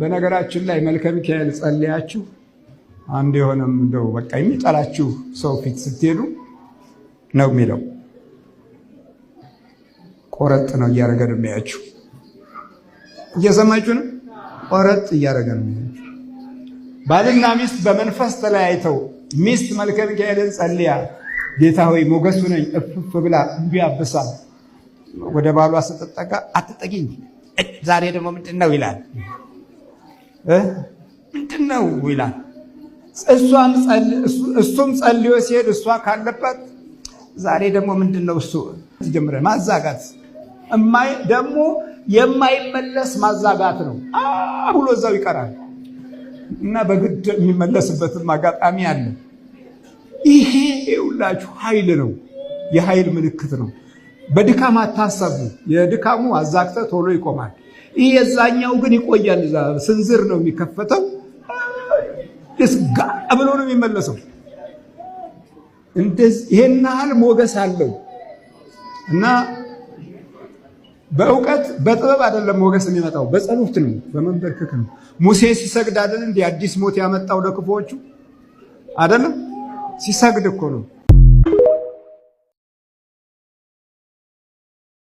በነገራችን ላይ መልከ ሚካኤል ጸልያችሁ አንድ የሆነም እንደው በቃ የሚጠላችሁ ሰው ፊት ስትሄዱ ነው የሚለው። ቆረጥ ነው እያደረገ ነው የሚያችሁ። እየሰማችሁ ነው። ቆረጥ እያደረገ ነው የሚያችሁ። ባልና ሚስት በመንፈስ ተለያይተው ሚስት መልከ ሚካኤልን ጸልያ ጌታ ሆይ ሞገሱ ነኝ እፍፍ ብላ እምቢ አብሳል ወደ ባሏ ስትጠጋ አትጠጊኝ ዛሬ ደግሞ ምንድን ነው ይላል። ምንድን ነው ይላል። እሱም ጸልዮ ሲሄድ እሷ ካለበት ዛሬ ደግሞ ምንድን ነው እሱ ጀምረ ማዛጋት ደግሞ የማይመለስ ማዛጋት ነው ብሎ እዛው ይቀራል እና በግድ የሚመለስበትም አጋጣሚ አለ። ይሄ ሁላችሁ ኃይል ነው፣ የኃይል ምልክት ነው። በድካም አታሰቡ። የድካሙ አዛግተ ቶሎ ይቆማል። ይህ የዛኛው ግን ይቆያል። እዛ ስንዝር ነው የሚከፈተው፣ ስጋ ብሎ ነው የሚመለሰው። ይሄን ያህል ሞገስ አለው እና በእውቀት በጥበብ አይደለም ሞገስ የሚመጣው፣ በጸሎት ነው፣ በመንበርከክ ነው። ሙሴ ሲሰግድ አይደል እንዲህ አዲስ ሞት ያመጣው ለክፉዎቹ አይደለም? ሲሰግድ እኮ ነው።